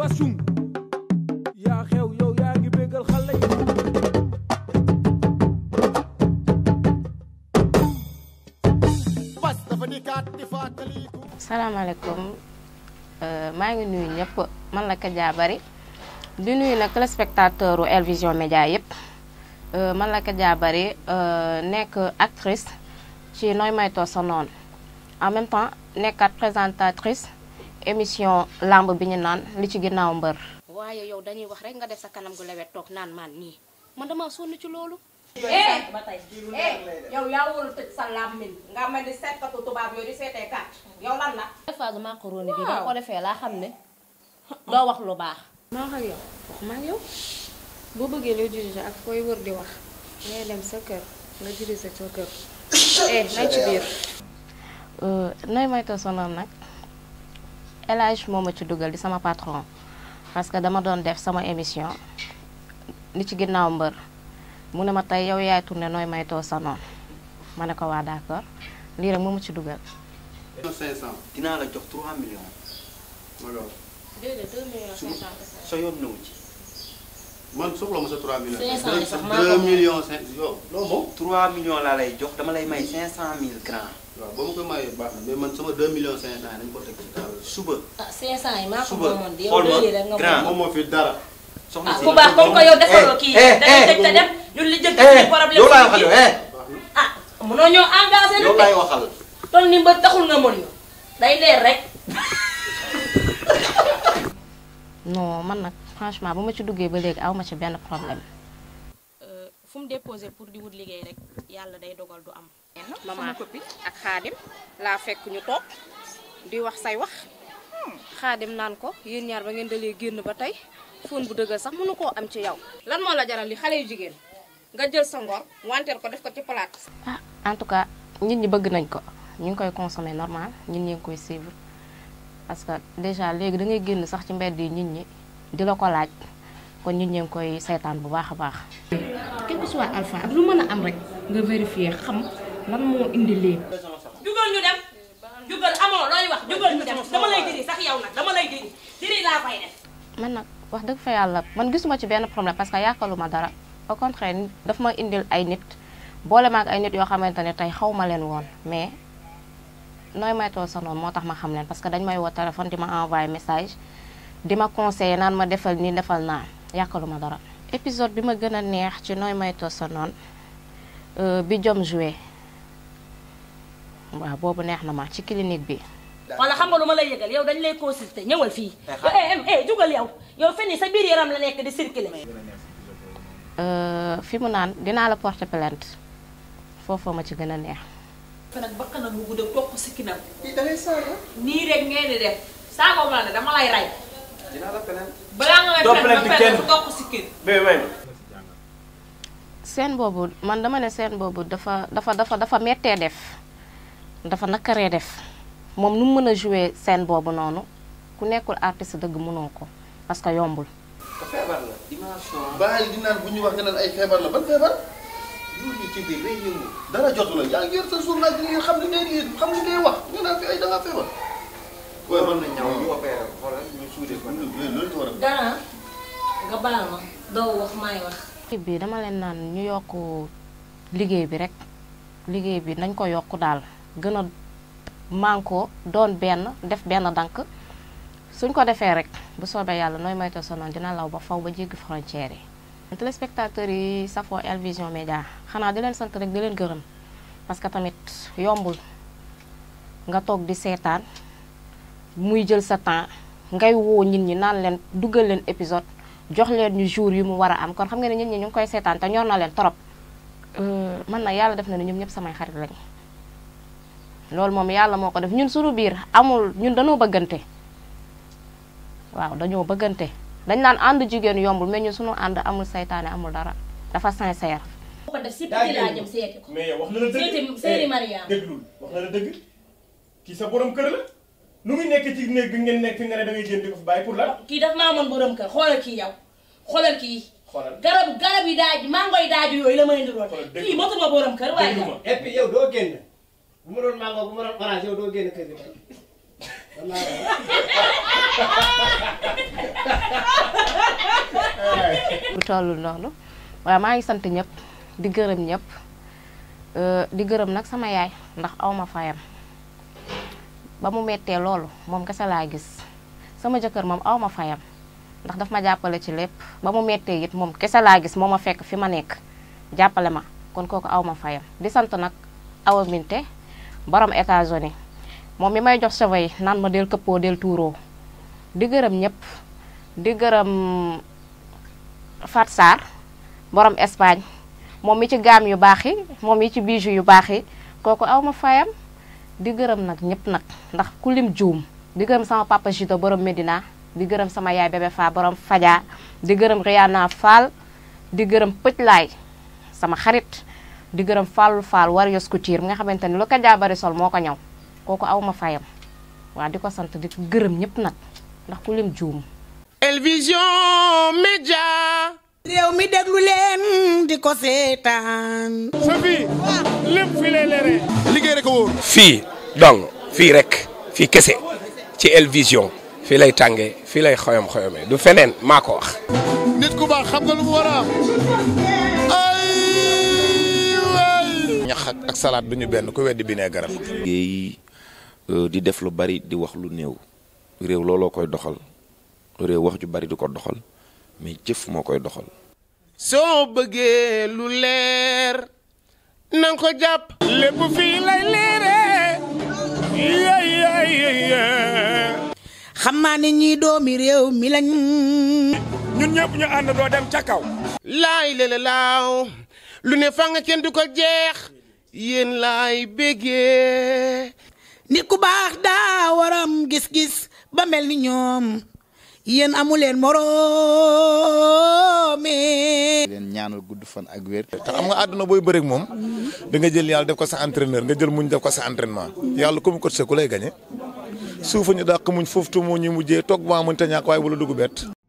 basum Ya xew yow yaa ngi bégal xale yi Euh ma ngi nuyu ñëpp man la Kaja Bari di nuyu nak téléspectateur u El Vision Media Média Euh man la ka Kaja Bari euh, nekk actrice ci Noy May To noonu en même temps nekkaat présentatrice émission làmb bi ñu naan li ci ginnaaw mbër. waaye yow dañuy wax rek nga def sa kanam gu lewet toog naan maan nii man damaa sonn ci loolu. Eh, ba tey eh, yow yaa wóolu tëj sa làmmiñ nga mel ni seetkatu tubaab laa xam ne doo wax lu baax. maa bëggee loo dirigé di wax ngay sa kër nga dirigé sa kër. Eh, euh, nag. El Hadj moo ma ci dugal di sama patron parce que dama doon def sama émission li ci ginnaaw mbër mu ne ma tey yow yaay tourné nooy maytoo sa noon ma ne ko waa d'accord lii rek moo ma ci dugal. man soxla ma sa 3 millions. 500 sax maa ko 2 millions 5 yow loo moom. 3 millions laa lay jox dama lay may 500000 francs. waaw ba ma ko mayee baax na mais man sama 2 millions 500 yi nañu ko teg ci table suba. ah 500 yi maa ko moomoon de yow léegi rek nga grand moom moo fi dara. soxna ah, si ku baax comme que yow defaloo kii eh, eh, da ngay eh, tëj te dem ñun li jënd ci problème bi ah mënoo ñoo engagé nag. yow laay waxal. toll ni ba taxul nga mën ñu day leer rek. non man nag. franchement bu ma ci duggee ba léegi aw ci benn problème. Euh, fu mu déposé pour di wut liggéey rek yàlla day dogal du am. maman copine ak xaadim laa fekk ñu toog di wax say wax. xaadim naan ko yéen ñaar ba ngeen dalee génn ba tey fóon bu dëgër sax mënu koo am ci yow. lan moo la jaral li xale yu jigéen nga jël sa ngor wanteer ko def ko ci palaat. ah en tout cas nit ñi bëgg nañ ko ñu ngi koy consommer normal ñun ñu koy suivre parce déjà léegi da génn sax nit di la ko laaj kon ñun ñu ngi koy saytaan bu baax a baax. quel que soit alpha ak lu mën a am rek nga vérifier xam lan moo indi lii. nag man nag wax dëgg fa yàlla man gisuma ci benn problème parce que yàqaluma dara au contraire dafa ma indil ay nit boole ma ay nit yoo xamante ne tey xaw ma leen woon mais. nooy maytoo sa moo tax ma xam leen parce que dañ may woo téléphone di ma envoyé message di ma conseiller naan ma defal ni defal naa yàqalu ma dara. épisode bi ma gën a neex ci nooy moytoo sa noon euh, bi jom joué waaw boobu neex na ma ci clinique bi. wala xam nga lu ma lay yëgal yow dañ lay consulter ñëwal fii. yow eh eh, eh eh jugal yow yow fenn sa biir yaram la nekk di circuler. Euh, fi mu naan dinaa la porter plainte foofu ma ci gën a neex. Ah. nii rek ngeen di def saa ne dama lay rey. dinaa la feneen. balaa nga may feneen ba feneen topp si kii. seen boobu man dama ne seen boobu dafa dafa dafa dafa mettee def dafa nakaree def moom nu mu mën a jouer seen boobu noonu ku nekkul artiste dëgg mënoo ko parce que yombul. te feebar bu ñu wax nga naan fi ay da ngaa dara nga baal ma doo wax may wax. équipe bi dama leen naan ñu yokk liggéey bi rek liggéey bi nañ ko yokk daal gën a mànkoo doon benn def benn dank suñ ko defee rek bu soobee yàlla nooy moytu sa noonu dina law ba faw ba jéggi frontière yi. téléspectateurs yi safoo El Vision Média xanaa di leen sant rek di leen gërëm parce que tamit yombul nga toog di seetaan muy jël sa temps. ngay woo nit ñi naan leen duggal leen épisode jox leen ñu jour yi mu war a am kon xam nga ne nit ñi ñu koy seetaan te ñor na leen trop euh, man na yàlla def na ne ñoom ñëpp samay xarit lañu loolu moom yàlla moo ko def ñun suñu biir amul ñun dañoo bëggante waaw dañoo bëggante dañ naan ànd jigéen yombul mais ñun suñu ànd amul saytaane amul dara dafa sincère. lu muy nekk ci néeg bi ngeen nekk fi nga ne da ngay jënd di bàyyi pour la kii daf maa mën borom kër xoolal kii yow xoolal kii xoolal garabu garab yi daaj mangoy daaju yooyu la ma indi doon kii matuma borom kër waaye et doo génn bu ma doon mango maa ngi sant ñëpp di gërëm ñëpp euh, di gërëm nag sama yaay ndax awma fayam ba mu méttee loolu moom kese laa gis sama jëkkër moom aw ma fayam ndax daf ma jàppale ci lépp ba mu méttee it moom kese laa gis moom ma fekk fi ma nekk jàppale ma kon kooku aw ma fayam di sant nag Awa Minte borom États-Unis moom mi may jox cheveux yi naan ma del këppoo del tuuroo di gërëm ñëpp di gërëm Fat Sarr borom Espagne moom mi ci gaam yu baax yi moom mi ci bijou yu baax yi kooku aw ma fayam di gërëm nak ñëpp nak ndax ku lim joom di gërëm sama papa Jito borom Medina di gërëm sama yaay bébé Fa borom Faja di gërëm Rihanna Fall di gërëm lay sama xarit di gërëm fall Fall war yos couture nga xamanteni lu ka jabaré sol moko ko koku awuma fayam wa diko sant di gërëm ñëpp nak ndax ku lim joom Elvision media rew mi deglu len di fii lépp liggéey rek a wóor. fii donc fii rek fii kese ci El fii lay tàngee fii lay xoyom xoyomee du feneen maa ko wax. nit ku baax xam nga lu mu war ñax ak salaat du ñu benn ku weddi bi nee garab. liggéey euh, di def lu bari di wax lu néew. réew looloo koy doxal réew wax ju bari di ko doxal mais jëf moo koy doxal. soo bëggee lu leer nang ko jàpp lépp fii lay leeree xam naa ne ñii doomi réew mi lañ ñun ñëpp ñu ànd doo dem ca kaw laay lele laaw lu ne fan kenn du ko jeex yéen laay béggee nit ku baax daa waram gis-gis ba mel ni ñoom yéen amuleen moroom mi leen ñaanal gudd fan ak wér am xam nga àdduna booy bëreek moom da nga jël yàlla def ko sa entraîneur nga jël muñ def ko sa entraînement yàlla comme coach ku lay gañe suufa ñu dàq muñ foofu tu mu ñu mujjee toog ba muñ te ñàkk waaye wala dugg bett